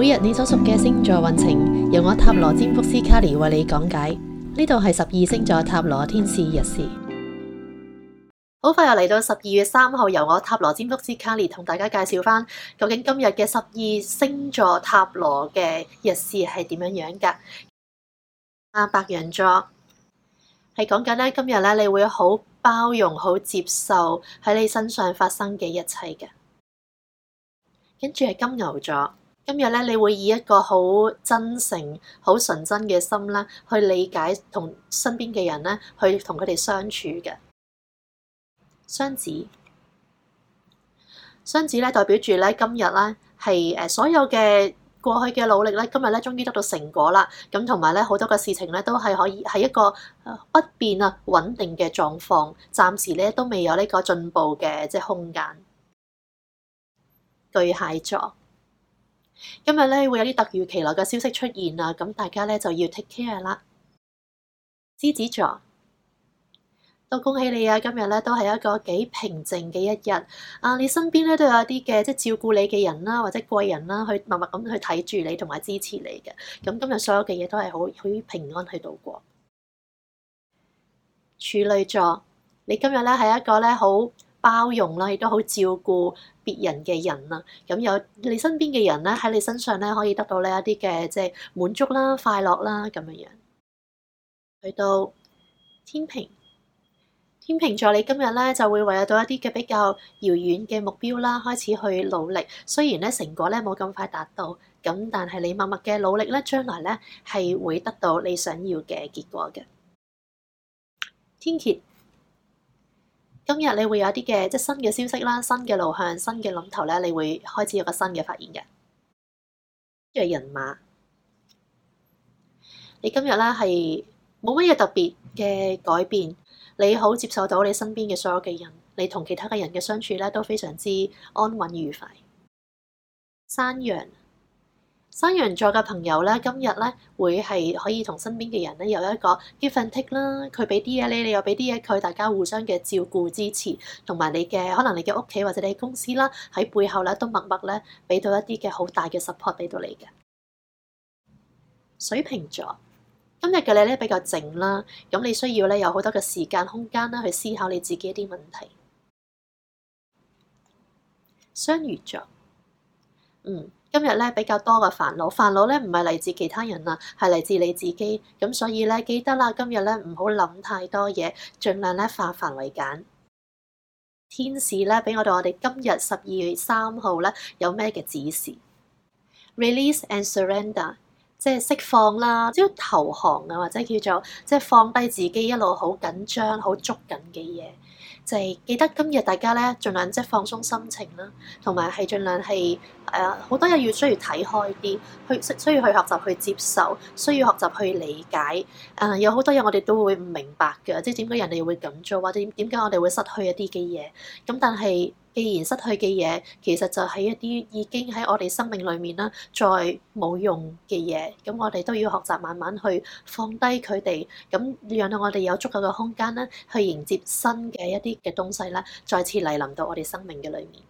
每日你所屬嘅星座運程，由我塔羅占卜師卡里為你講解。呢度係十二星座塔羅天使日事。好快又嚟到十二月三號，由我塔羅占卜師卡里同大家介紹翻，究竟今日嘅十二星座塔羅嘅日事係點樣樣噶？啊，白羊座係講緊咧，今日咧你會好包容、好接受喺你身上發生嘅一切嘅。跟住係金牛座。今日咧，你會以一個好真誠、好純真嘅心啦，去理解同身邊嘅人咧，去同佢哋相處嘅。雙子，雙子咧代表住咧，今日咧係誒所有嘅過去嘅努力咧，今日咧終於得到成果啦。咁同埋咧，好多嘅事情咧都係可以係一個不變啊穩定嘅狀況。暫時咧都未有呢個進步嘅即係空間。巨蟹座。今日咧會有啲突如其來嘅消息出現啦！咁大家咧就要 take care 啦。獅子座，都恭喜你啊！今日咧都係一個幾平靜嘅一日啊！你身邊咧都有一啲嘅即係照顧你嘅人啦，或者貴人啦，去默默咁去睇住你同埋支持你嘅。咁今日所有嘅嘢都係好好於平安去度過。處女座，你今日咧係一個咧好。包容啦，亦都好照顧別人嘅人啦。咁有你身邊嘅人咧，喺你身上咧可以得到咧一啲嘅即係滿足啦、快樂啦咁樣樣。去到天秤，天秤座你今日咧就會為到一啲嘅比較遙遠嘅目標啦，開始去努力。雖然咧成果咧冇咁快達到，咁但係你默默嘅努力咧，將來咧係會得到你想要嘅結果嘅。天蠍。今日你會有一啲嘅即新嘅消息啦，新嘅路向，新嘅諗頭咧，你會開始有個新嘅發現嘅。即係人馬，你今日咧係冇乜嘢特別嘅改變，你好接受到你身邊嘅所有嘅人，你同其他嘅人嘅相處咧都非常之安穩愉快。山羊。山羊座嘅朋友咧，今日咧會係可以同身邊嘅人咧有一個 give and take 啦，佢俾啲嘢你，你又俾啲嘢佢，大家互相嘅照顧支持，同埋你嘅可能你嘅屋企或者你嘅公司啦，喺背後咧都默默咧俾到一啲嘅好大嘅 support 俾到你嘅。水瓶座今日嘅你咧比較靜啦，咁你需要咧有好多嘅時間空間啦去思考你自己一啲問題。雙魚座，嗯。今日咧比較多嘅煩惱，煩惱咧唔係嚟自其他人啊，係嚟自你自己。咁所以咧，記得啦，今日咧唔好諗太多嘢，盡量咧化繁為簡。天使咧，俾我哋，我哋今日十二月三號咧有咩嘅指示？Release and surrender。即係釋放啦，即要投降啊，或者叫做即係放低自己一路好緊張、好捉緊嘅嘢，就係、是、記得今日大家咧盡量即係放鬆心情啦，同埋係儘量係誒好多嘢要需要睇開啲，去需要去學習去接受，需要學習去理解。誒、呃、有好多嘢我哋都會唔明白嘅，即係點解人哋會咁做，或者點點解我哋會失去一啲嘅嘢。咁但係。既然失去嘅嘢，其實就係一啲已經喺我哋生命裏面啦，再冇用嘅嘢，咁我哋都要學習慢慢去放低佢哋，咁讓到我哋有足夠嘅空間啦，去迎接新嘅一啲嘅東西啦，再次嚟臨到我哋生命嘅裏面。